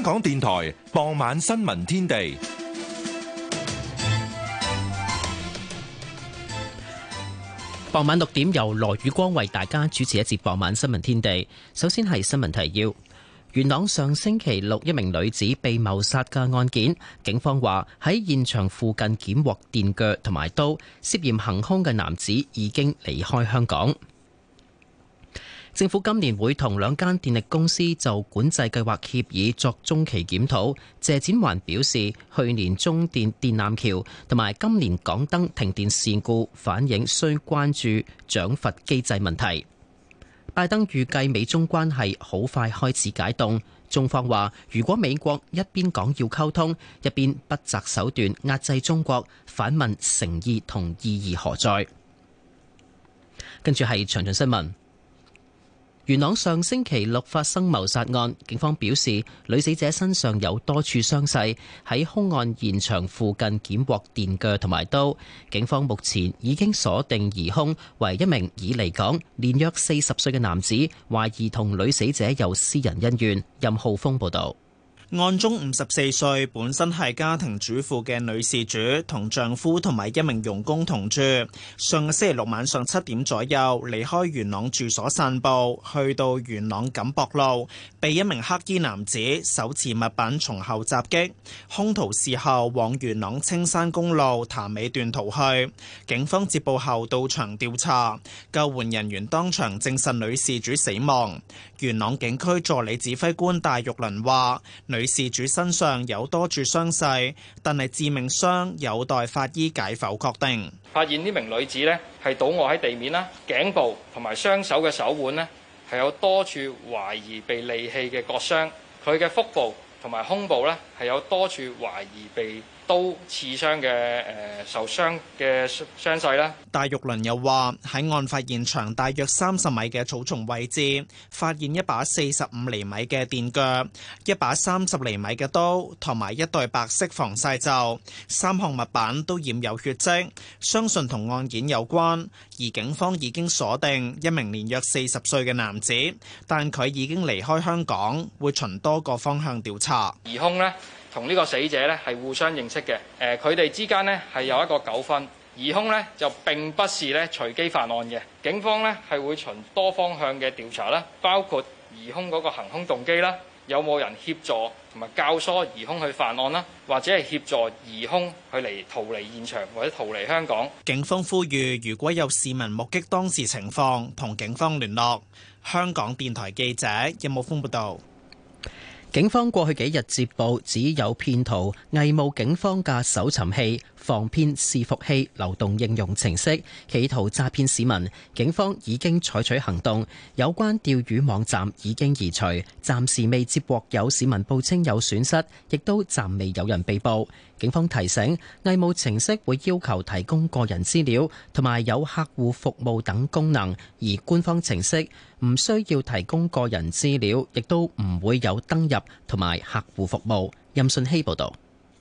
香港電台傍晚新聞天地。傍晚六點由羅宇光為大家主持一節傍晚新聞天地。首先係新聞提要：元朗上星期六一名女子被謀殺嘅案件，警方話喺現場附近檢獲電鋸同埋刀，涉嫌行凶嘅男子已經離開香港。政府今年會同兩間電力公司就管制計劃協議作中期檢討。謝展寰表示，去年中電電纜橋同埋今年港燈停電事故反映需關注獎罰機制問題。拜登預計美中關係好快開始解凍，中方話：如果美國一邊講要溝通，一邊不擇手段壓制中國，反問誠意同意義何在？跟住係長長新聞。元朗上星期六發生謀殺案，警方表示女死者身上有多處傷勢，喺凶案現場附近檢獲電鋸同埋刀。警方目前已經鎖定疑凶，為一名已離港年約四十歲嘅男子，懷疑同女死者有私人恩怨。任浩峰報導。案中五十四歲，本身係家庭主婦嘅女事主，同丈夫同埋一名傭工同住。上個星期六晚上七點左右，離開元朗住所散步，去到元朗錦博路，被一名黑衣男子手持物品從後襲擊，兇徒事後往元朗青山公路潭尾段逃去。警方接報後到場調查，救援人員當場證實女事主死亡。元朗警區助理指揮官戴玉麟話，女事主身上有多處傷勢，但係致命傷有待法醫解剖確定。發現呢名女子呢，係倒卧喺地面啦，頸部同埋雙手嘅手腕呢，係有多處懷疑被利器嘅割傷，佢嘅腹部同埋胸部呢，係有多處懷疑被刀刺傷嘅誒、呃、受傷嘅傷勢咧，戴玉麟又話喺案發現場大約三十米嘅草叢位置，發現一把四十五厘米嘅電鋸，一把三十厘米嘅刀，同埋一對白色防曬罩，三項物品都染有血跡，相信同案件有關。而警方已經鎖定一名年約四十歲嘅男子，但佢已經離開香港，會循多個方向調查疑兇呢，同呢個死者咧係互相認識嘅，誒、佢哋之間咧係有一個糾紛，疑兇咧就並不是咧隨機犯案嘅，警方咧係會循多方向嘅調查啦，包括疑兇嗰個行兇動機啦，有冇人協助同埋教唆疑兇去犯案啦，或者係協助疑兇去嚟逃離現場或者逃離香港。警方呼籲如果有市民目擊當時情況，同警方聯絡。香港電台記者任武峯報導。警方過去幾日接報，指有騙徒偽冒警方架搜尋器、防騙伺服器、流動應用程式，企圖詐騙市民。警方已經採取行動，有關釣魚網站已經移除，暫時未接獲有市民報稱有損失，亦都暫未有人被捕。警方提醒，偽冒程式會要求提供個人資料，同埋有客戶服務等功能；而官方程式唔需要提供個人資料，亦都唔會有登入同埋客戶服務。任信希報導。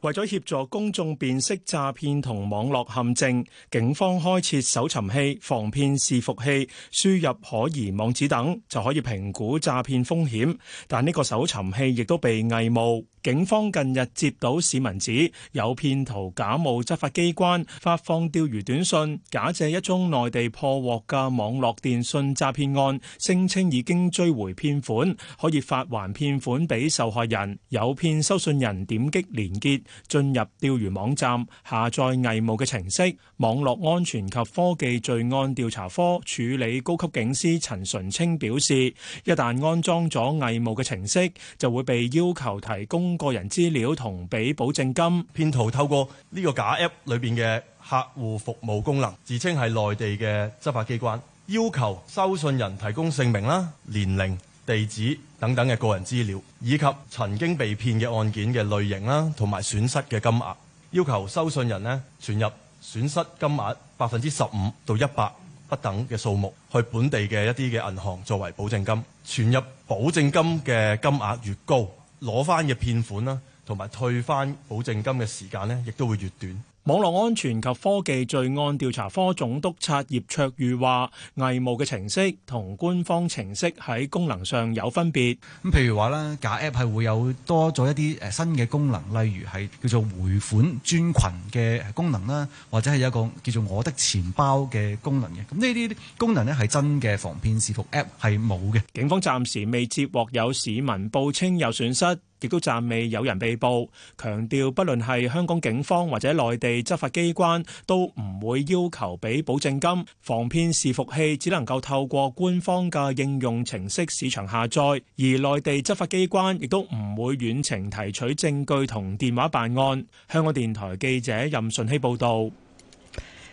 為咗協助公眾辨識詐騙同網絡陷阱，警方開設搜尋器、防騙視伺器，輸入可疑網址等，就可以評估詐騙風險。但呢個搜尋器亦都被偽冒。警方近日接到市民指有騙徒假冒執法機關，發放釣魚短信，假借一宗內地破獲嘅網絡電訊詐騙案，聲稱已經追回騙款，可以發還騙款俾受害人，誘騙收信人點擊連結。進入釣魚網站下載偽冒嘅程式，網絡安全及科技罪案調查科處理高級警司陳純清表示，一旦安裝咗偽冒嘅程式，就會被要求提供個人資料同俾保證金。騙徒透過呢個假 App 裏邊嘅客戶服務功能，自稱係內地嘅執法機關，要求收信人提供姓名啦、年齡、地址等等嘅個人資料，以及曾經被騙嘅案件嘅類型啦，同埋損失嘅金額，要求收信人呢，存入損失金額百分之十五到一百不等嘅數目，去本地嘅一啲嘅銀行作為保證金。存入保證金嘅金額越高，攞翻嘅騙款啦，同埋退翻保證金嘅時間呢，亦都會越短。網絡安全及科技罪案調查科總督察葉卓裕話：偽冒嘅程式同官方程式喺功能上有分別。咁譬如話咧，假 app 係會有多咗一啲誒新嘅功能，例如係叫做回款專群嘅功能啦，或者係有一個叫做我的錢包嘅功能嘅。咁呢啲功能咧係真嘅防騙視伏 app 係冇嘅。警方暫時未接獲有市民報稱有損失，亦都暫未有人被捕。強調不論係香港警方或者內地。執法機關都唔會要求俾保證金，防騙視伺器只能夠透過官方嘅應用程式市場下載，而內地執法機關亦都唔會遠程提取證據同電話辦案。香港電台記者任順熙報道。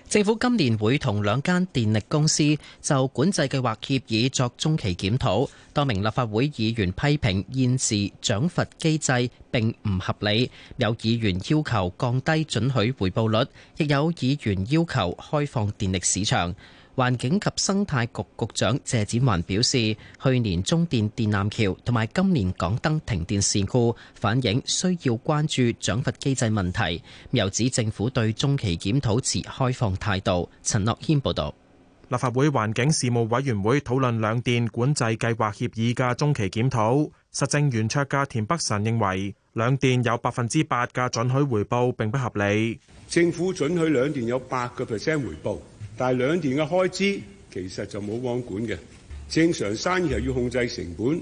政府今年會同兩間電力公司就管制計劃協議作中期檢討。多名立法會議員批評現時獎罰機制並唔合理，有議員要求降低准許回報率，亦有議員要求開放電力市場。環境及生態局局長謝展寰表示，去年中電電纜橋同埋今年港燈停電事故，反映需要關注獎罰機制問題。又指政府對中期檢討持開放態度。陳諾軒報導。立法會環境事務委員會討論兩電管制計劃協議嘅中期檢討。實政圓桌嘅田北辰認為，兩電有百分之八嘅準許回報並不合理。政府準許兩電有八個 percent 回報。但係兩電嘅開支其實就冇王管嘅，正常生意係要控制成本，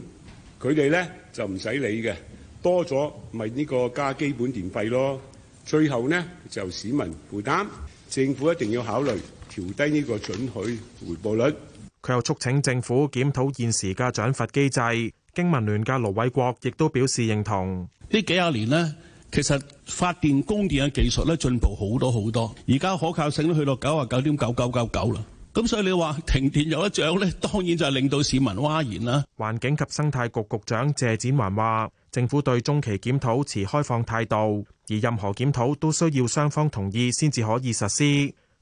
佢哋咧就唔使理嘅，多咗咪呢個加基本電費咯。最後咧就市民負擔，政府一定要考慮調低呢個準許回報率。佢又促請政府檢討現時嘅獎罰機制。經民聯嘅盧偉國亦都表示認同。呢幾十年咧。其實發電供電嘅技術咧進步好多好多，而家可靠性都去到九啊九點九九九九啦。咁所以你話停電有得獎咧，當然就係令到市民譁然啦。環境及生態局局長謝展環話：政府對中期檢討持開放態度，而任何檢討都需要雙方同意先至可以實施。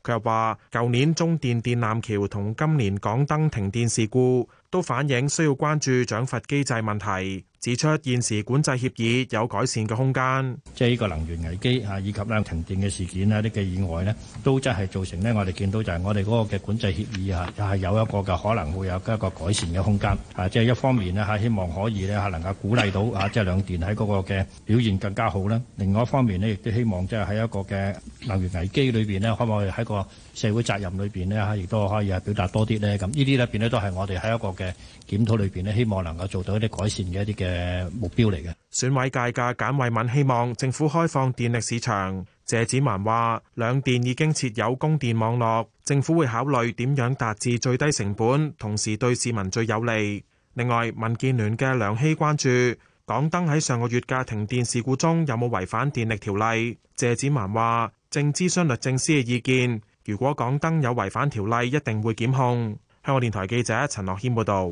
佢又話：舊年中電電纜橋同今年港燈停電事故都反映需要關注獎罰機制問題。指出現時管制協議有改善嘅空間，即係呢個能源危機嚇，以及咧停電嘅事件呢一啲嘅意外咧，都真係造成呢。我哋見到就係我哋嗰個嘅管制協議嚇，係、就是、有一個嘅可能會有一個改善嘅空間嚇，即係一方面咧嚇，希望可以咧嚇能夠鼓勵到嚇，即、就、係、是、兩電喺嗰個嘅表現更加好啦；另外一方面咧亦都希望即係喺一個嘅。能源危機裏邊咧，可唔可以喺個社會責任裏邊咧，亦都可以表達多啲呢？咁呢啲裏邊咧都係我哋喺一個嘅檢討裏邊咧，希望能夠做到一啲改善嘅一啲嘅目標嚟嘅。選委界嘅簡慧敏希望政府開放電力市場。謝展寰話：兩電已經設有供電網絡，政府會考慮點樣達至最低成本，同時對市民最有利。另外，民建聯嘅梁熙關注港燈喺上個月嘅停電事故中有冇違反電力條例。謝展寰話，正諮詢律政司嘅意見，如果港燈有違反條例，一定會檢控。香港電台記者陳樂軒報導。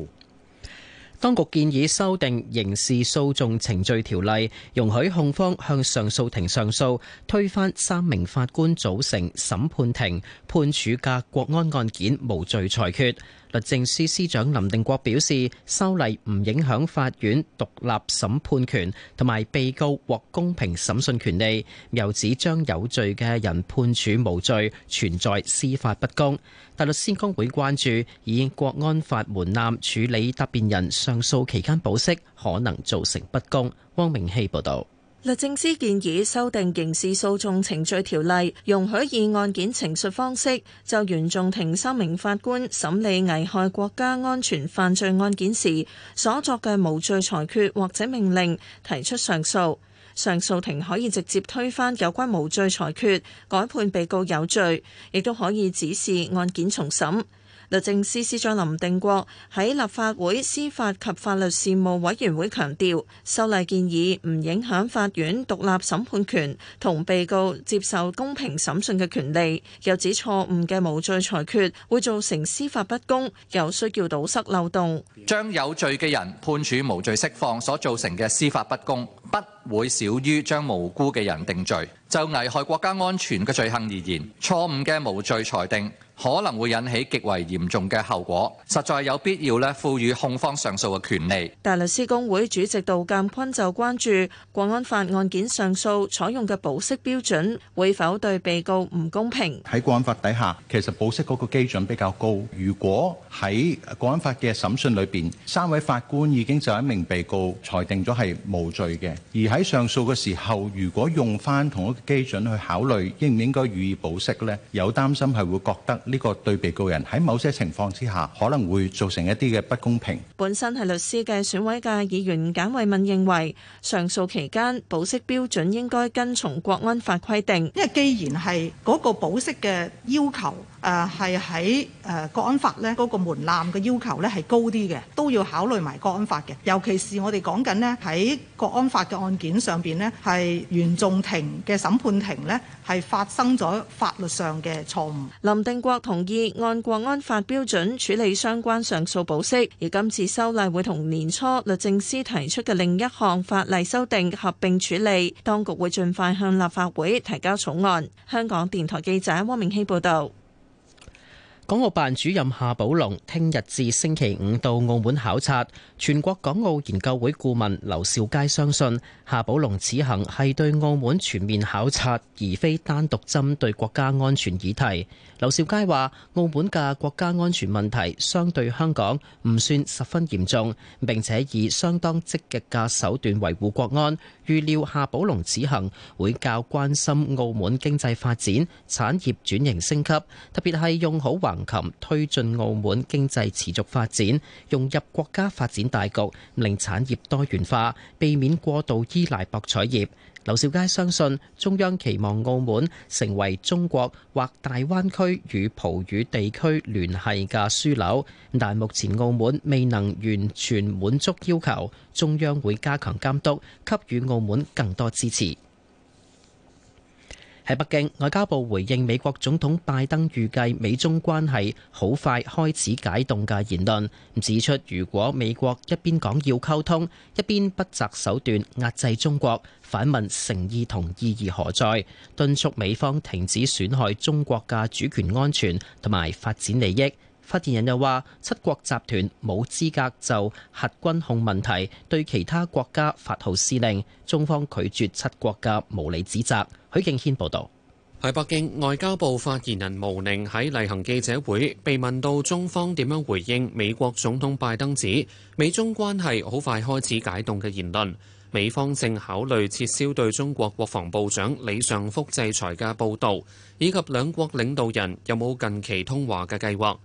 當局建議修訂刑事訴訟程序條例，容許控方向上訴庭上訴，推翻三名法官組成審判庭判處嘅國安案件無罪裁決。律政司司長林定國表示，修例唔影響法院獨立審判權，同埋被告獲公平審訊權利。又指將有罪嘅人判處無罪，存在司法不公。大律師公會關注，以國安法門檻處理答辯人上訴期間保釋，可能造成不公。汪明希報道。律政司建議修訂刑事訴訟程序條例，容許以案件陳述方式就原訟庭三名法官審理危害國家安全犯罪案件時所作嘅無罪裁決或者命令提出上訴。上訴庭可以直接推翻有關無罪裁決，改判被告有罪，亦都可以指示案件重審。律政司司長林定國喺立法會司法及法律事務委員會強調，修例建議唔影響法院獨立審判權同被告接受公平審訊嘅權利。又指錯誤嘅無罪裁決會造成司法不公，又需要堵塞漏洞，將有罪嘅人判處無罪釋放所造成嘅司法不公，不會少於將無辜嘅人定罪。就危害國家安全嘅罪行而言，錯誤嘅無罪裁定，可能會引起極為嚴重嘅後果，實在有必要呢賦予控方上訴嘅權利。大律師公會主席杜鑑坤就關注國安法案件上訴採用嘅保釋標準會否對被告唔公平。喺國安法底下，其實保釋嗰個基準比較高。如果喺國安法嘅審訊裏邊，三位法官已經就一名被告裁定咗係無罪嘅，而喺上訴嘅時候，如果用返同一個基準去考慮，應唔應該予以保釋呢？有擔心係會覺得。呢個對被告人喺某些情況之下可能會造成一啲嘅不公平。本身係律師嘅選委界議員簡慧敏認為，上訴期間保釋標準應該跟從國安法規定，因為既然係嗰個保釋嘅要求。誒係喺誒國安法呢，嗰個門檻嘅要求呢係高啲嘅，都要考慮埋國安法嘅。尤其是我哋講緊呢喺國安法嘅案件上邊呢，係原訟庭嘅審判庭呢係發生咗法律上嘅錯誤。林定國同意按國安法標準處理相關上訴保釋，而今次修例會同年初律政司提出嘅另一項法例修訂合併處理，當局會盡快向立法會提交草案。香港電台記者汪明熙報道。港澳辦主任夏寶龍聽日至星期五到澳門考察。全國港澳研究會顧問劉兆佳相信夏寶龍此行係對澳門全面考察，而非單獨針對國家安全議題。劉兆佳話：澳門嘅國家安全問題相對香港唔算十分嚴重，並且以相當積極嘅手段維護國安。預料夏寶龍此行會較關心澳門經濟發展、產業轉型升級，特別係用好華。橫琴推進澳門經濟持續發展，融入國家發展大局，令產業多元化，避免過度依賴博彩業，劉少佳相信中央期望澳門成為中國或大灣區與葡語地區聯繫嘅樞紐，但目前澳門未能完全滿足要求，中央會加強監督，給予澳門更多支持。喺北京，外交部回應美國總統拜登預計美中關係好快開始解凍嘅言論，指出如果美國一邊講要溝通，一邊不擇手段壓制中國，反問誠意同意義何在？敦促美方停止損害中國嘅主權安全同埋發展利益。發言人又話：七國集團冇資格就核軍控問題對其他國家發號施令。中方拒絕七國嘅無理指責。許敬軒報導。喺北京，外交部發言人毛寧喺例行記者會被問到中方點樣回應美國總統拜登指美中關係好快開始解凍嘅言論。美方正考慮撤銷對中國國防部長李尚福制裁嘅報導，以及兩國領導人有冇近期通話嘅計劃。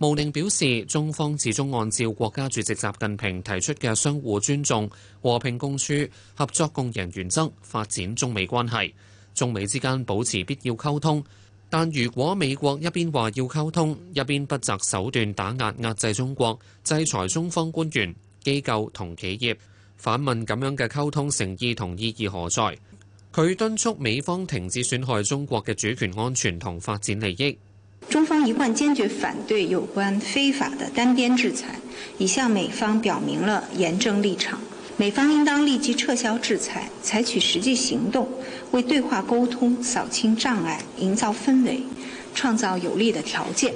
毛寧表示，中方始終按照國家主席習近平提出嘅相互尊重、和平共處、合作共贏原則發展中美關係，中美之間保持必要溝通，但如果美國一邊話要溝通，一邊不擇手段打壓壓、壓制中國、制裁中方官員、機構同企業，反問咁樣嘅溝通誠意同意義何在？佢敦促美方停止損害中國嘅主權安全同發展利益。中方一貫堅決反對有關非法的單邊制裁，已向美方表明了嚴正立場。美方應當立即撤銷制裁，採取實際行動，為對話溝通掃清障礙、營造氛圍、創造有利的條件，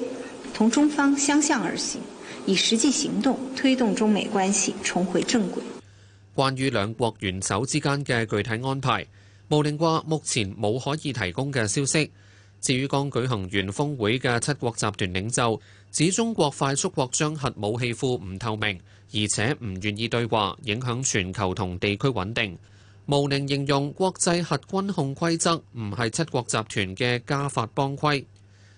同中方相向而行，以實際行動推動中美關係重回正軌。關於兩國元首之間嘅具體安排，毛寧話目前冇可以提供嘅消息。至於剛舉行完峰會嘅七國集團領袖指中國快速擴張核武器庫唔透明，而且唔願意對話，影響全球同地區穩定。毛寧形容國際核軍控規則唔係七國集團嘅家法幫規，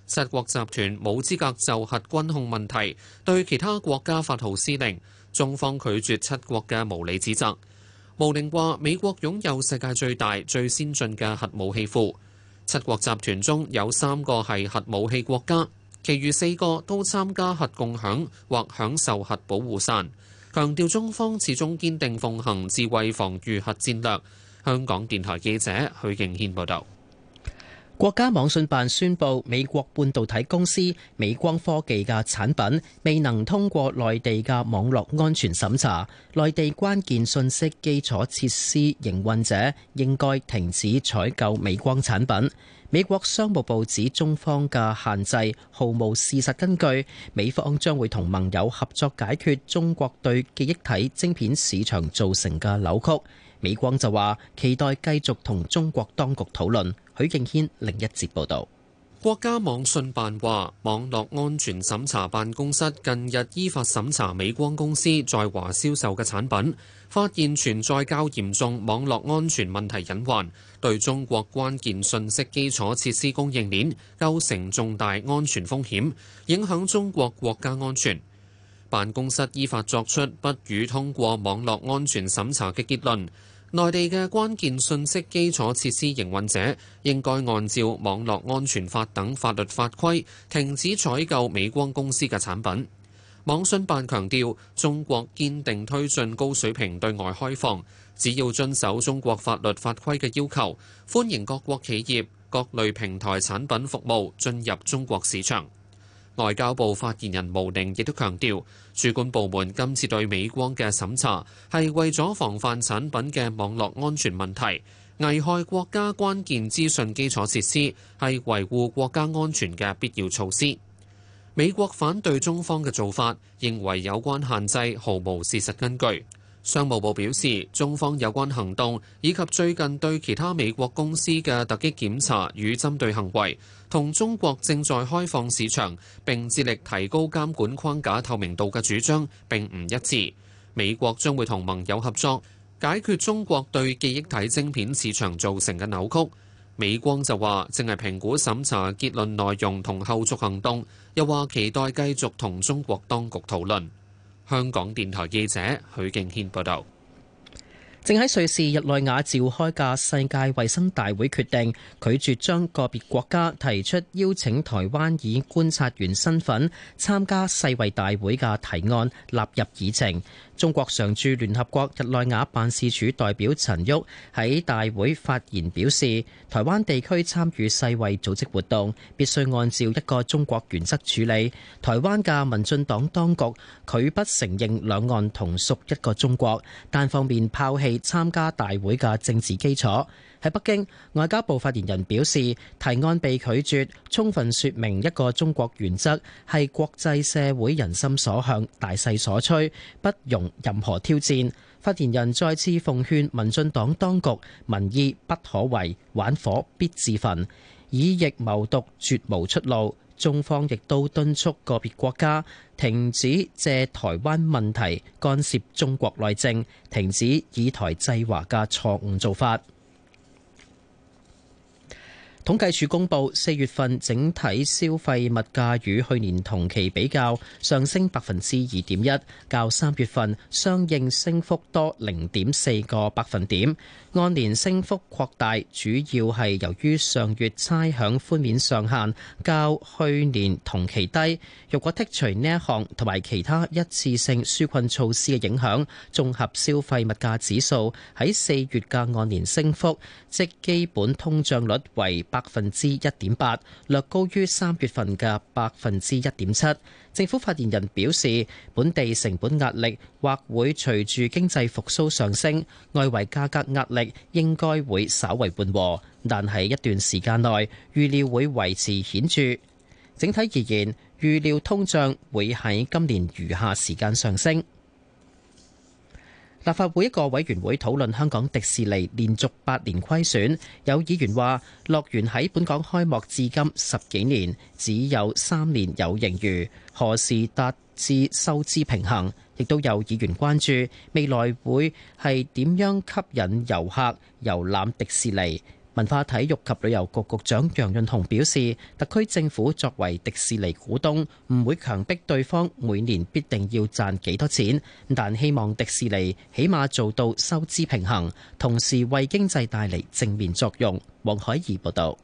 七國集團冇資格就核軍控問題對其他國家發號施令。中方拒絕七國嘅無理指責。毛寧話：美國擁有世界最大、最先進嘅核武器庫。七國集團中有三個係核武器國家，其餘四個都參加核共享或享受核保護傘。強調中方始終堅定奉行自衛防禦核戰略。香港電台記者許敬軒報導。國家網信辦宣佈，美國半導體公司美光科技嘅產品未能通過內地嘅網絡安全審查，內地關鍵信息基礎設施營運者應該停止採購美光產品。美國商務部指中方嘅限制毫無事實根據，美方將會同盟友合作解決中國對記憶體晶片市場造成嘅扭曲。美光就話期待繼續同中國當局討論。許敬軒另一節報道，國家網信辦話，網絡安全審查辦公室近日依法審查美光公司在華銷售嘅產品，發現存在較嚴重網絡安全問題隱患，對中國關鍵信息基礎設施供應鏈構成重大安全風險，影響中國國家安全。辦公室依法作出不予通過網絡安全審查嘅結論。內地嘅關鍵信息基礎設施營運者應該按照《網絡安全法》等法律法規，停止採購美光公司嘅產品。網信辦強調，中國堅定推進高水平對外開放，只要遵守中國法律法規嘅要求，歡迎各國企業、各類平台產品服務進入中國市場。外交部發言人毛寧亦都強調，主管部門今次對美光嘅審查係為咗防範產品嘅網絡安全問題，危害國家關鍵資訊基礎設施，係維護國家安全嘅必要措施。美國反對中方嘅做法，認為有關限制毫無事實根據。商務部表示，中方有關行動以及最近對其他美國公司嘅突擊檢查與針對行為，同中國正在開放市場並致力提高監管框架透明度嘅主張並唔一致。美國將會同盟友合作，解決中國對記憶體晶片市場造成嘅扭曲。美光就話，正係評估審查結論內容同後續行動，又話期待繼續同中國當局討論。香港電台記者許敬軒報道，正喺瑞士日內瓦召開嘅世界衛生大會決定，拒絕將個別國家提出邀請台灣以觀察員身份參加世衛大會嘅提案納入議程。中國常駐聯合國日內瓦辦事處代表陳旭喺大會發言表示：台灣地區參與世衛組織活動，必須按照一個中國原則處理。台灣嘅民進黨當局拒不承認兩岸同屬一個中國，單方面拋棄參加大會嘅政治基礎。喺北京，外交部發言人表示，提案被拒絕，充分説明一個中國原則係國際社會人心所向、大勢所趨，不容任何挑戰。發言人再次奉勸民進黨當局，民意不可違，玩火必自焚，以疫謀獨，絕無出路。中方亦都敦促個別國家停止借台灣問題干涉中國內政，停止以台制華嘅錯誤做法。統計處公佈，四月份整體消費物價與去年同期比較上升百分之二點一，較三月份相應升幅多零點四個百分點。按年升幅擴大，主要係由於上月差餉寬免上限較去年同期低。若果剔除呢一項同埋其他一次性紓困措施嘅影響，綜合消費物價指數喺四月嘅按年升幅，即基本通脹率為百分之一點八，略高於三月份嘅百分之一點七。政府發言人表示，本地成本壓力或會隨住經濟復甦上升，外圍價格壓力應該會稍為緩和，但係一段時間內預料會維持顯著。整體而言，預料通脹會喺今年餘下時間上升。立法會一個委員會討論香港迪士尼連續八年虧損，有議員話：樂園喺本港開幕至今十幾年，只有三年有盈餘，何時達至收支平衡？亦都有議員關注未來會係點樣吸引遊客遊覽迪士尼。文化體育及旅遊局局長楊潤雄表示，特區政府作為迪士尼股東，唔會強迫對方每年必定要賺幾多錢，但希望迪士尼起碼做到收支平衡，同時為經濟帶嚟正面作用。黃海怡報道。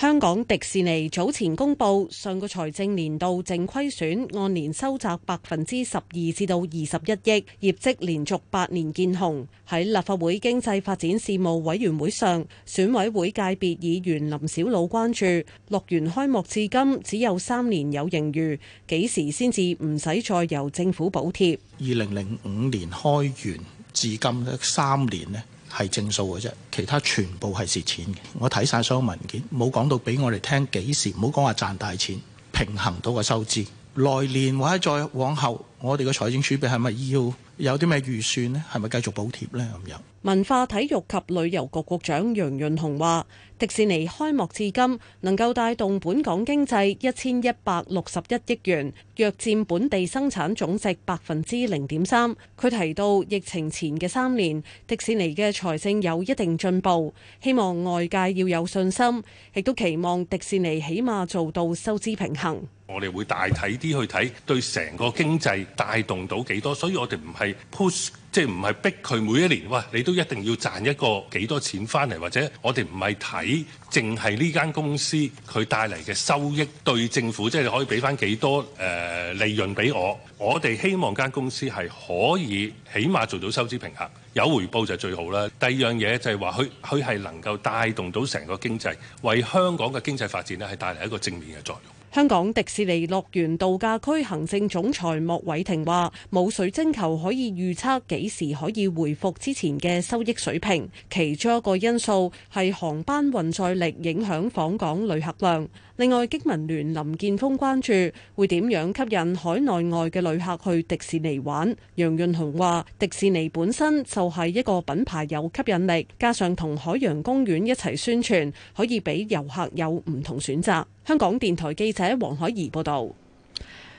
香港迪士尼早前公布，上個財政年度淨虧損按年收窄百分之十二至到二十一億，業績連續八年見紅。喺立法會經濟發展事務委員會上，選委會界別議員林小魯關注，樂園開幕至今只有三年有盈餘，幾時先至唔使再由政府補貼。二零零五年開園至今咧，三年咧。係正數嘅啫，其他全部係蝕錢嘅。我睇晒所有文件，冇講到俾我哋聽幾時，唔好講話賺大錢，平衡到個收支，來年或者再往後。我哋嘅財政儲備係咪要有啲咩預算呢？係咪繼續補貼呢？咁、嗯、樣？文化體育及旅遊局局長楊潤雄話：迪士尼開幕至今能夠帶動本港經濟一千一百六十一億元，約佔本地生產總值百分之零點三。佢提到疫情前嘅三年，迪士尼嘅財政有一定進步，希望外界要有信心，亦都期望迪士尼起碼做到收支平衡。 我哋會大體啲去睇對成個經濟。帶動到幾多？所以我哋唔係 push，即係唔係逼佢每一年，哇！你都一定要賺一個幾多錢翻嚟，或者我哋唔係睇，淨係呢間公司佢帶嚟嘅收益對政府，即係你可以俾翻幾多誒利潤俾我。我哋希望間公司係可以起碼做到收支平衡，有回報就最好啦。第二樣嘢就係話，佢佢係能夠帶動到成個經濟，為香港嘅經濟發展咧，係帶嚟一個正面嘅作用。香港迪士尼樂園度假區行政總裁莫偉霆話：冇水晶球可以預測幾時可以回復之前嘅收益水平，其中一個因素係航班運載力影響訪港旅客量。另外，經民聯林健鋒關注會點樣吸引海內外嘅旅客去迪士尼玩？楊潤雄話：迪士尼本身就係一個品牌，有吸引力，加上同海洋公園一齊宣傳，可以俾遊客有唔同選擇。香港電台記者黃海怡報道。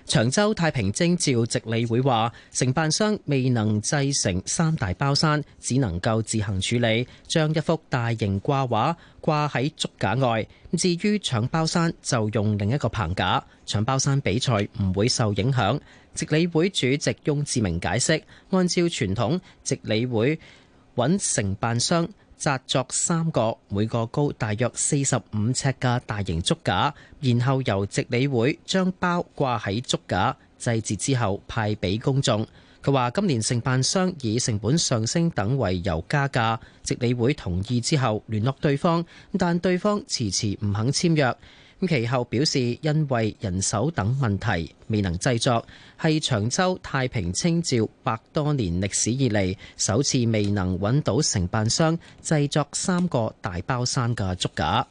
長洲太平清醮值理會話，承辦商未能製成三大包山，只能夠自行處理，將一幅大型掛畫掛喺竹架外。至於搶包山就用另一個棚架，搶包山比賽唔會受影響。值理會主席翁志明解釋，按照傳統，值理會揾承辦商，紮作三個，每個高大約四十五尺嘅大型竹架，然後由值理會將包掛喺竹架，祭祀之後派俾公眾。佢話今年承辦商以成本上升等為由加價，值理會同意之後聯絡對方，但對方遲遲唔肯簽約。咁其後表示，因為人手等問題未能製作，係長洲太平清醮百多年歷史以嚟，首次未能揾到承辦商製作三個大包山嘅竹架。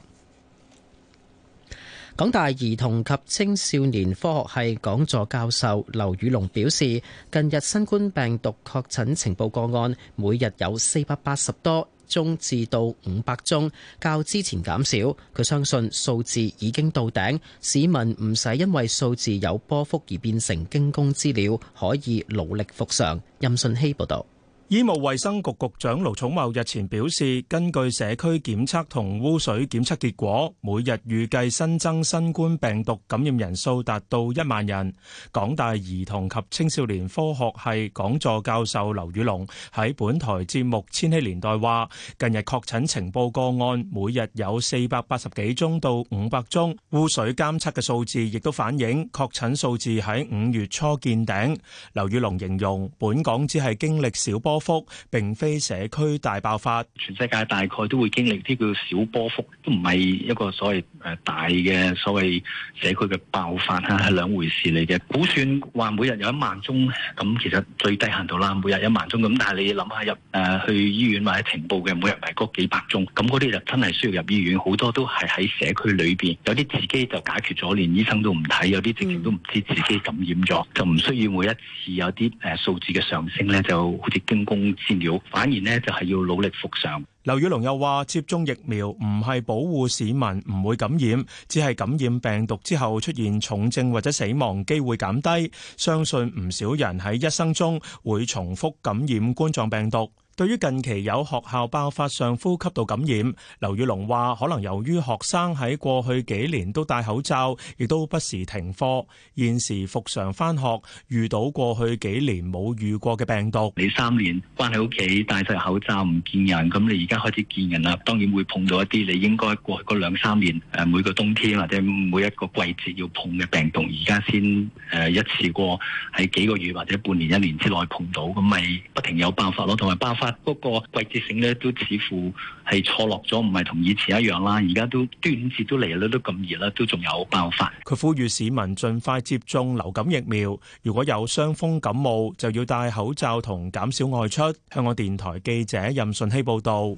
港大兒童及青少年科學系講座教授劉宇隆表示，近日新冠病毒確診呈報個案，每日有四百八十多，中至到五百宗，較之前減少。佢相信數字已經到頂，市民唔使因為數字有波幅而變成驚弓之鳥，可以努力復常。任信希報道。醫務衛生局局長盧寵茂日前表示，根據社區檢測同污水檢測結果，每日預計新增新冠病毒感染人數達到一萬人。港大兒童及青少年科學系講座教授劉宇隆喺本台節目《千禧年代》話，近日確診呈報個案每日有四百八十幾宗到五百宗，污水監測嘅數字亦都反映確診數字喺五月初見頂。劉宇隆形容，本港只係經歷小波。波幅並非社區大爆發，全世界大概都會經歷啲叫小波幅，都唔係一個所謂誒大嘅所謂社區嘅爆發嚇，係兩回事嚟嘅。估算話每日有一萬宗，咁其實最低限度啦，每日一萬宗咁，但係你諗下入誒、呃、去醫院或者情報嘅，每日係嗰幾百宗，咁嗰啲就真係需要入醫院，好多都係喺社區裏邊，有啲自己就解決咗，連醫生都唔睇，有啲直接都唔知自己感染咗，就唔需要每一次有啲誒數字嘅上升咧，就好似經。共治療反而呢，就係要努力服上。劉宇龍又話：接種疫苗唔係保護市民唔會感染，只係感染病毒之後出現重症或者死亡機會減低。相信唔少人喺一生中會重複感染冠狀病毒。對於近期有學校爆發上呼吸道感染，劉宇龍話：可能由於學生喺過去幾年都戴口罩，亦都不時停課，現時復常返學，遇到過去幾年冇遇過嘅病毒。你三年關喺屋企戴晒口罩唔見人，咁你而家開始見人啦，當然會碰到一啲你應該過去嗰兩三年誒每個冬天或者每一個季節要碰嘅病毒，而家先誒一次過喺幾個月或者半年一年之內碰到，咁咪不停有爆發咯，同埋爆發。不過季節性咧都似乎係錯落咗，唔係同以前一樣啦。而家都端午節都嚟啦，都咁熱啦，都仲有爆發。佢呼籲市民盡快接種流感疫苗。如果有傷風感冒，就要戴口罩同減少外出。香港電台記者任順希報導。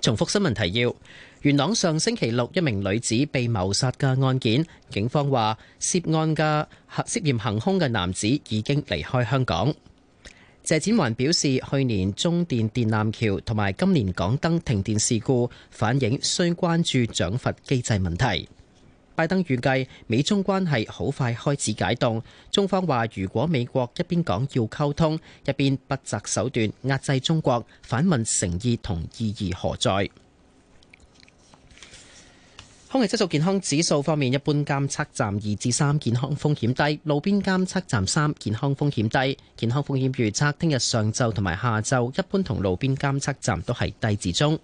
重複新聞提要：元朗上星期六一名女子被謀殺嘅案件，警方話涉案嘅涉嫌行凶嘅男子已經離開香港。謝展寰表示，去年中電電纜橋同埋今年港燈停電事故，反映需關注獎罰機制問題。拜登預計美中關係好快開始解凍，中方話如果美國一邊講要溝通，一邊不擇手段壓制中國，反問誠意同意義何在？空氣質素健康指數方面，一般監測站二至三，健康風險低；路邊監測站三，健康風險低。健康風險預測，聽日上晝同埋下晝，一般同路邊監測站都係低至中。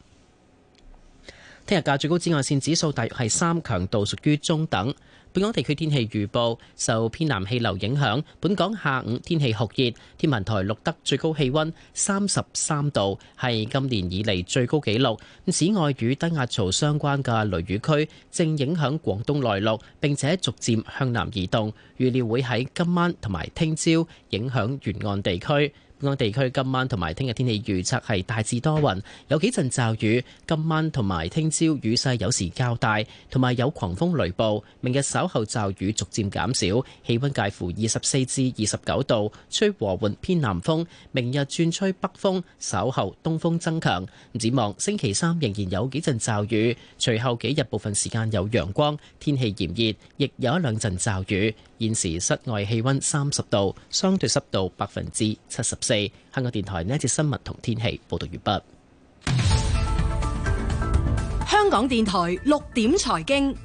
聽日嘅最高紫外線指數大約係三，強度屬於中等。本港地區天氣預報，受偏南氣流影響，本港下午天氣酷熱，天文台錄得最高氣温三十三度，係今年以嚟最高紀錄。此外，與低壓槽相關嘅雷雨區正影響廣東內陸，並且逐漸向南移動，預料會喺今晚同埋聽朝影響沿岸地區。本港地區今晚同埋聽日天氣預測係大致多雲，有幾陣驟雨。今晚同埋聽朝雨勢有時較大，同埋有狂風雷暴。明日稍後驟雨逐漸減少，氣温介乎二十四至二十九度，吹和緩偏南風，明日轉吹北風，稍後東風增強，唔展望星期三仍然有幾陣驟雨，隨後幾日部分時間有陽光，天氣炎熱，亦有一兩陣驟雨。現時室外氣溫三十度，相對濕度百分之七十四。香港電台呢一節新聞同天氣報道完畢。香港電台六點財經，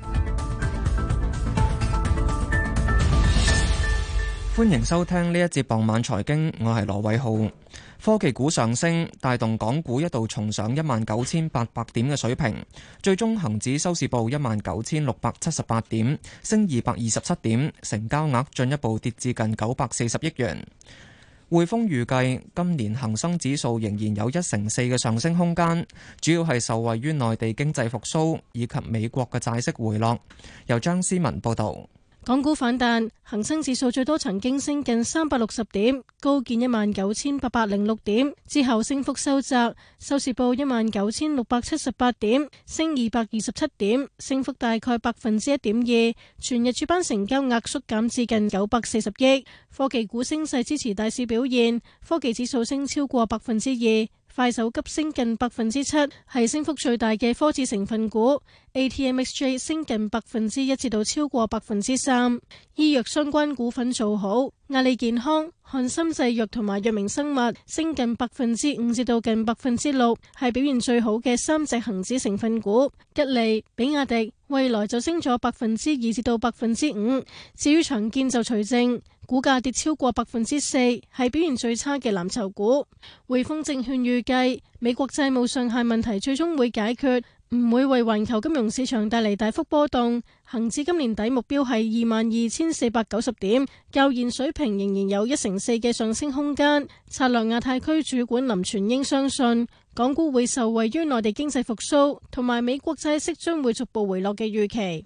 歡迎收聽呢一節傍晚財經，我係羅偉浩。科技股上升，帶動港股一度重上一萬九千八百點嘅水平，最終恒指收市報一萬九千六百七十八點，升二百二十七點，成交額進一步跌至近九百四十億元。匯豐預計今年恒生指數仍然有一成四嘅上升空間，主要係受惠於內地經濟復甦以及美國嘅債息回落。由張思文報道。港股反彈，恒生指數最多曾經升近三百六十點，高見一萬九千八百零六點，之後升幅收窄，收市報一萬九千六百七十八點，升二百二十七點，升幅大概百分之一點二。全日主板成交額縮減至近九百四十億，科技股升勢支持大市表現，科技指數升超過百分之二。快手急升近百分之七，係升幅最大嘅科指成分股。ATMXJ 升近百分之一至到超過百分之三。醫藥相關股份做好，阿里健康、漢森製藥同埋藥明生物升近百分之五至到近百分之六，係表現最好嘅三隻恒指成分股。吉利、比亞迪、蔚來就升咗百分之二至到百分之五。至於長建就取正。股價跌超過百分之四，係表現最差嘅藍籌股。匯豐證券預計美國債務上限問題最終會解決，唔會為環球金融市場帶嚟大幅波動。恒指今年底目標係二萬二千四百九十點，較現水平仍然有一成四嘅上升空間。策略亞太區主管林全英相信，港股會受惠於內地經濟復蘇同埋美國債息將會逐步回落嘅預期。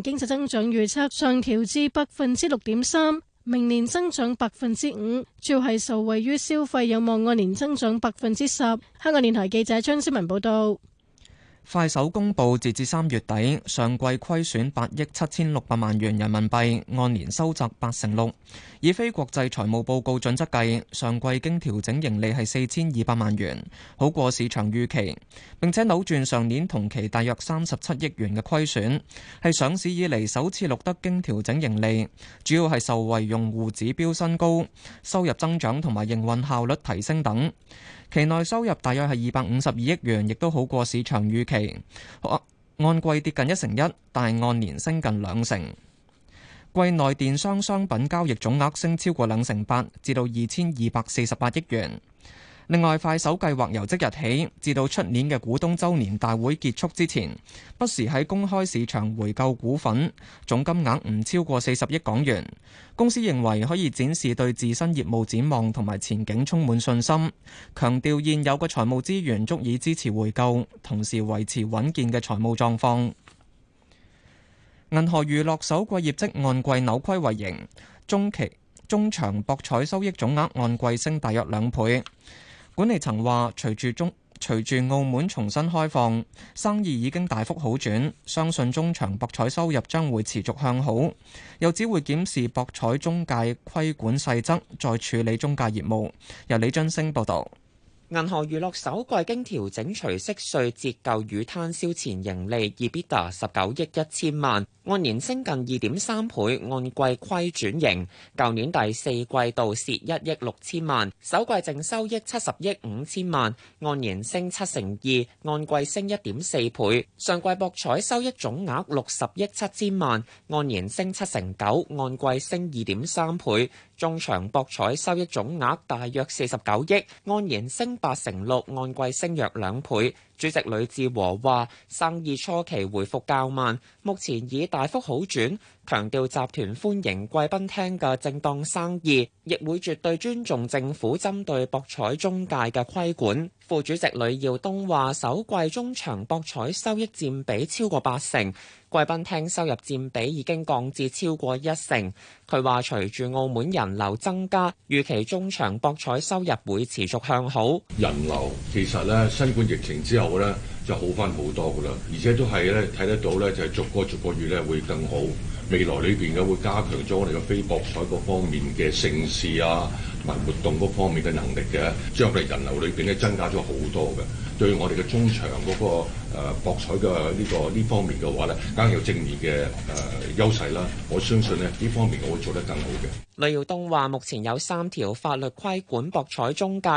經濟增長預測上調至百分之六點三，明年增長百分之五，主要係受惠於消費有望按年增長百分之十。香港電台記者張思文報道。快手公布，截至三月底上季虧損八億七千六百萬元人民幣，按年收窄八成六。以非國際財務報告準則計，上季經調整盈利係四千二百萬元，好過市場預期，並且扭轉上年同期大約三十七億元嘅虧損，係上市以嚟首次錄得經調整盈利，主要係受惠用戶指標新高、收入增長同埋營運效率提升等。期內收入大約係二百五十二億元，亦都好過市場預期。按、啊、按季跌近一成一，但按年升近兩成。季內電商商品交易總額升超過兩成八，至到二千二百四十八億元。另外，快手計劃由即日起至到出年嘅股東周年大會結束之前，不時喺公開市場回購股份，總金額唔超過四十億港元。公司認為可以展示對自身業務展望同埋前景充滿信心，強調現有嘅財務資源足以支持回購，同時維持穩健嘅財務狀況。銀河娛樂首季業績按季扭虧為盈，中期中場博彩收益總額按季升大約兩倍。管理層話，隨住中隨住澳門重新開放，生意已經大幅好轉，相信中場博彩收入將會持續向好。又只會檢視博彩中介規管細則，再處理中介業務。由李津星報道。銀河娛樂首季經調整除息稅折舊與攤銷前盈利二必達十九億一千萬，按年升近二點三倍，按季虧轉盈。舊年第四季度蝕一億六千萬，首季淨收益七十億五千萬，按年升七成二，按季升一點四倍。上季博彩收益總額六十億七千萬，按年升七成九，按季升二點三倍。中場博彩收益總額大約四十九億，6，按年升八成六，按季升約兩倍。主席呂志和話：生意初期回復較慢，目前已大幅好轉。強調集團歡迎貴賓廳嘅正當生意，亦會絕對尊重政府針對博彩中介嘅規管。副主席呂耀東話：首季中場博彩收益佔比超過八成，貴賓廳收入佔比已經降至超過一成。佢話，隨住澳門人流增加，預期中場博彩收入會持續向好。人流其實呢，新冠疫情之後。好咧，就好翻好多噶啦，而且都係咧睇得到咧，就係逐個逐個月咧會更好。未來裏邊嘅會加強咗我哋嘅非博彩嗰方面嘅盛事啊，同埋活動嗰方面嘅能力嘅，將我哋人流裏邊咧增加咗好多嘅，對我哋嘅中場嗰個誒博彩嘅呢個呢方面嘅話咧，梗有正面嘅誒優勢啦。我相信咧呢方面我會做得更好嘅。雷耀東話：目前有三條法律規管博彩中介，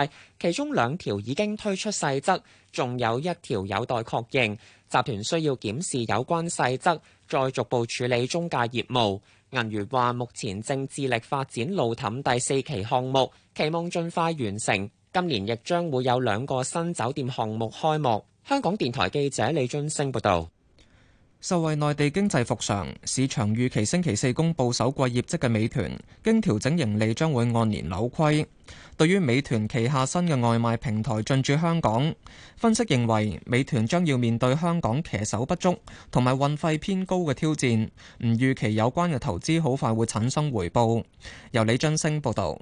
其中兩條已經推出細則，仲有一條有待確認。集團需要檢視有關細則。再逐步處理中介業務。銀娛話，目前正致力發展路氹第四期項目，期望盡快完成。今年亦將會有兩個新酒店項目開幕。香港電台記者李津升報導。受惠內地經濟復常，市場預期星期四公佈首季業績嘅美團，經調整盈利將會按年扭虧。對於美團旗下新嘅外賣平台進駐香港，分析認為美團將要面對香港騎手不足同埋運費偏高嘅挑戰。唔預期有關嘅投資好快會產生回報。由李津星報導。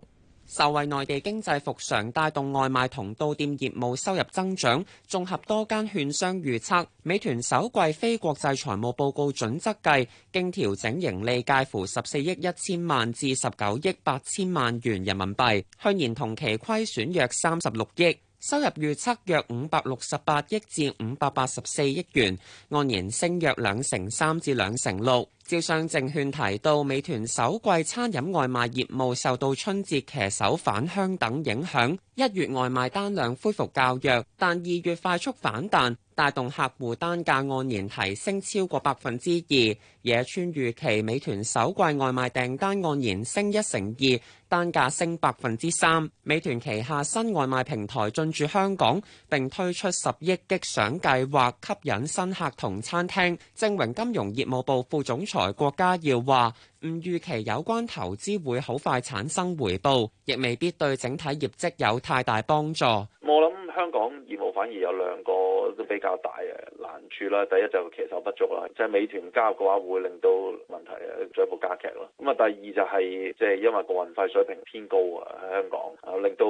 受惠內地經濟復常，帶動外賣同到店業務收入增長。綜合多間券商預測，美團首季非國際財務報告準則計，經調整盈利介乎十四億一千萬至十九億八千萬元人民幣，去年同期虧損約三十六億，收入預測約五百六十八億至五百八十四億元，按年升約兩成三至兩成六。招商證券提到，美團首季餐飲外賣業務受到春節騎手返鄉等影響，一月外賣單量恢復較弱，但二月快速反彈，帶動客戶單價按年提升超過百分之二。野村預期美團首季外賣訂單按年升一成二，單價升百分之三。美團旗下新外賣平台進駐香港，並推出十億激賞計劃吸引新客同餐廳。正榮金融業務部副總。財國家要話唔預期有關投資會好快產生回報，亦未必對整體業績有太大幫助。我諗香港業務反而有兩個都比較大嘅。住啦，第一就騎手不足啦，即係美團加入嘅話，會令到問題進一步加劇咯。咁啊，第二就係即係因為個運費水平偏高啊，喺香港啊，令到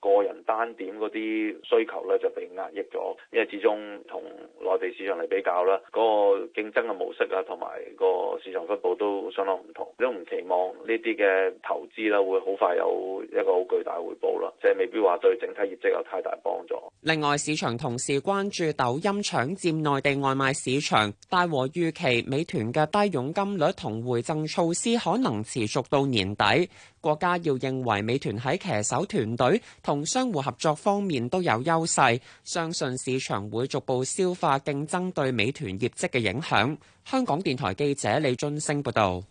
個人單點嗰啲需求咧就被壓抑咗，因為始終同內地市場嚟比較啦，嗰、那個競爭嘅模式啊，同埋個市場分布都相當唔同。都唔期望呢啲嘅投資啦，會好快有一個好巨大回報咯，即、就、係、是、未必話對整體業績有太大幫助。另外，市場同時關注抖音搶佔內。地外賣市場大和預期，美團嘅低佣金率同回贈措施可能持續到年底。郭家耀認為美團喺騎手團隊同商戶合作方面都有優勢，相信市場會逐步消化競爭對美團業績嘅影響。香港電台記者李俊升報道。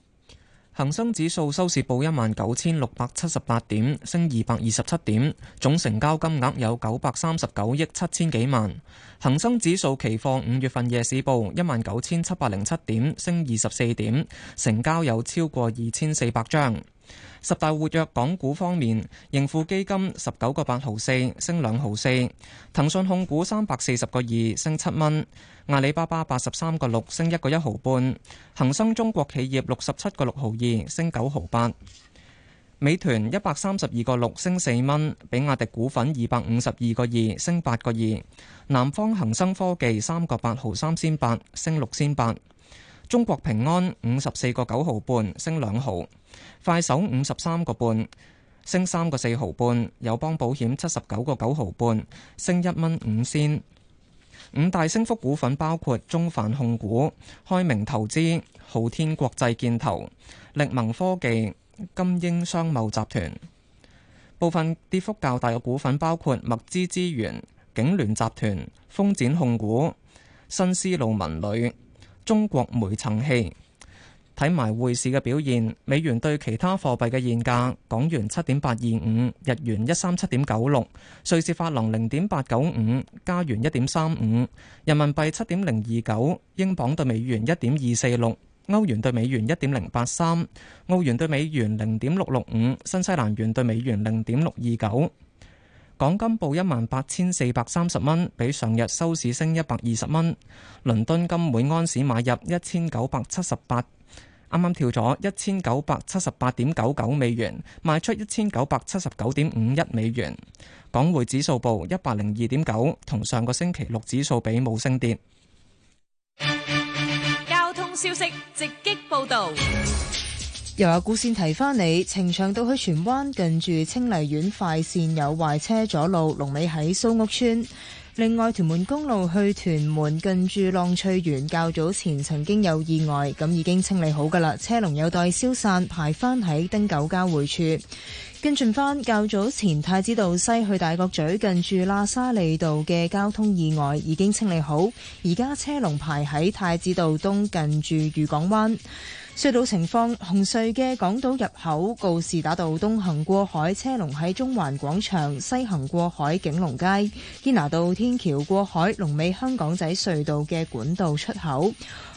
恒生指數收市報一萬九千六百七十八點，升二百二十七點，總成交金額有九百三十九億七千幾萬。恒生指數期貨五月份夜市報一萬九千七百零七點，升二十四點，成交有超過二千四百張。十大活躍港股方面，盈富基金十九個八毫四，升兩毫四；騰訊控股三百四十個二，升七蚊；阿里巴巴八十三個六，升一個一毫半；恒生中國企業六十七個六毫二，升九毫八；美團一百三十二個六，升四蚊；比亞迪股份二百五十二個二，升八個二；南方恒生科技三個八毫三千八，升六千八。.中國平安五十四個九毫半，升兩毫，快手五十三個半，升三個四毫半，友邦保險七十九個九毫半，升一蚊五仙。五大升幅股份包括中泛控股、開明投資、昊天國際建投、力盟科技、金鷹商貿集團。部分跌幅較大嘅股份包括麥芝資源、景聯集團、風展控股、新絲路文旅。中國煤層氣。睇埋匯市嘅表現，美元對其他貨幣嘅現價：港元七點八二五，日元一三七點九六，瑞士法郎零點八九五，加元一點三五，人民幣七點零二九，英鎊對美元一點二四六，歐元對美元一點零八三，澳元對美元零點六六五，新西蘭元對美元零點六二九。港金報一萬八千四百三十蚊，比上日收市升一百二十蚊。倫敦金每安士買入一千九百七十八，啱啱跳咗一千九百七十八點九九美元，賣出一千九百七十九點五一美元。港匯指數報一百零二點九，同上個星期六指數比冇升跌。交通消息直擊報道。又話，古線提翻你，呈祥道去荃灣，近住清麗苑快線有壞車阻路，龍尾喺蘇屋村。另外，屯門公路去屯門，近住浪翠園，較早前曾經有意外，咁已經清理好噶啦，車龍有待消散，排翻喺汀九交匯處。跟進翻，較早前太子道西去大角咀，近住喇沙利道嘅交通意外已經清理好，而家車龍排喺太子道東，近住漁港灣。隧道情況，紅隧嘅港島入口，告士打道東行過海，車龍喺中環廣場，西行過海景隆街、堅拿道天橋過海、龍尾香港仔隧道嘅管道出口。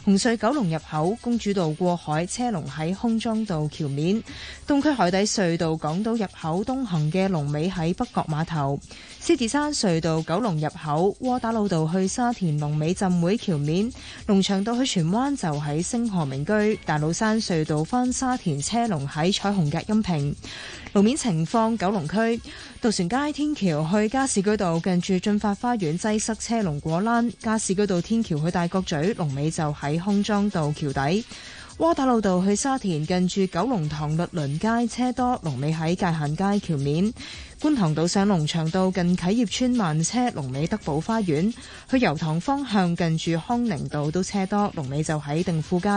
紅隧九龍入口、公主道過海車龍喺康莊道橋面，東區海底隧道港島入口東行嘅龍尾喺北角碼頭，獅子山隧道九龍入口窩打老道去沙田龍尾浸會橋面，龍翔道去荃灣就喺星河名居，大老山隧道翻沙田車龍喺彩虹隔音屏。路面情況：九龍區渡船街天橋去加士居道近住駿發花園擠塞車龍果欄；加士居道天橋去大角咀龍尾就喺康莊道橋底；窩打老道去沙田近住九龍塘律倫街車多，龍尾喺界限街橋面。觀塘道上龍翔道近啟業村慢車，龍尾德寶花園；去油塘方向近住康寧道都車多，龍尾就喺定富街。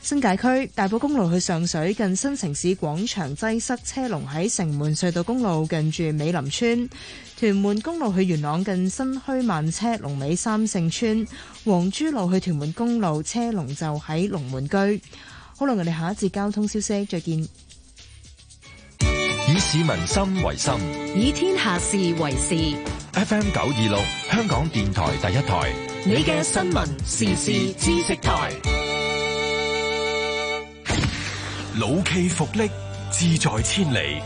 新界區大埔公路去上水近新城市廣場擠塞車龍，喺城門隧道公路近住美林村。屯門公路去元朗近新墟慢車，龍尾三聖村。黃珠路去屯門公路車龍就喺龍門居。好啦，我哋下一節交通消息再見。以市民心為心，以天下事為事。FM 九二六，香港電台第一台。你嘅新聞時事知識台。老驥伏櫪，志在千里。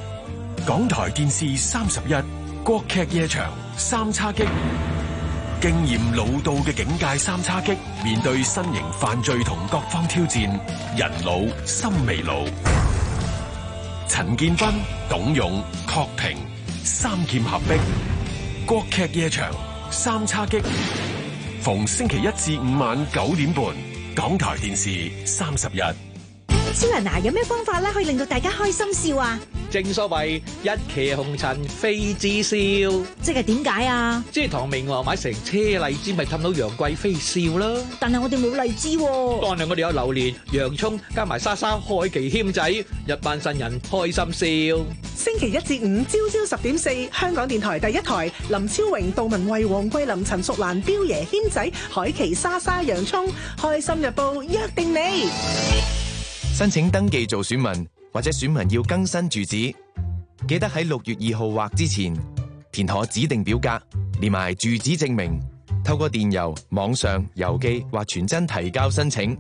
港台電視三十一，國劇夜場三叉戟，經驗老道嘅警界三叉戟，面對新型犯罪同各方挑戰，人老心未老。陳建斌、董勇、郝平，三劍合璧，國劇夜場三叉戟，逢星期一至五晚九點半，港台電視三十日。超人啊，有咩方法咧可以令到大家開心笑啊？正所謂一騎紅塵妃子笑，即係點解啊？即係唐明皇買成車荔枝，咪氹到楊貴妃笑啦！但係我哋冇荔枝、啊，當然我哋有榴蓮、洋葱、加埋沙沙、海奇謙仔、一班新人開心笑。星期一至五朝朝十點四，香港電台第一台，林超榮、杜文慧、黃桂林、陳淑蘭、彪爺謙仔、海奇莎莎、洋葱開心日報，約定你申請登記做選民。或者選民要更新住址，記得喺六月二號或之前填妥指定表格，連埋住址證明，透過電郵、網上、郵寄或傳真提交申請，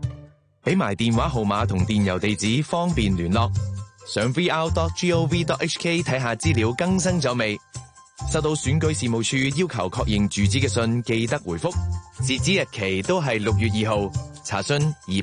俾埋電話號碼同電郵地址方便聯絡。上 vr.gov.hk 睇下資料更新咗未？收到選舉事務處要求確認住址嘅信，記得回覆。截止日期都係六月二號。查詢二。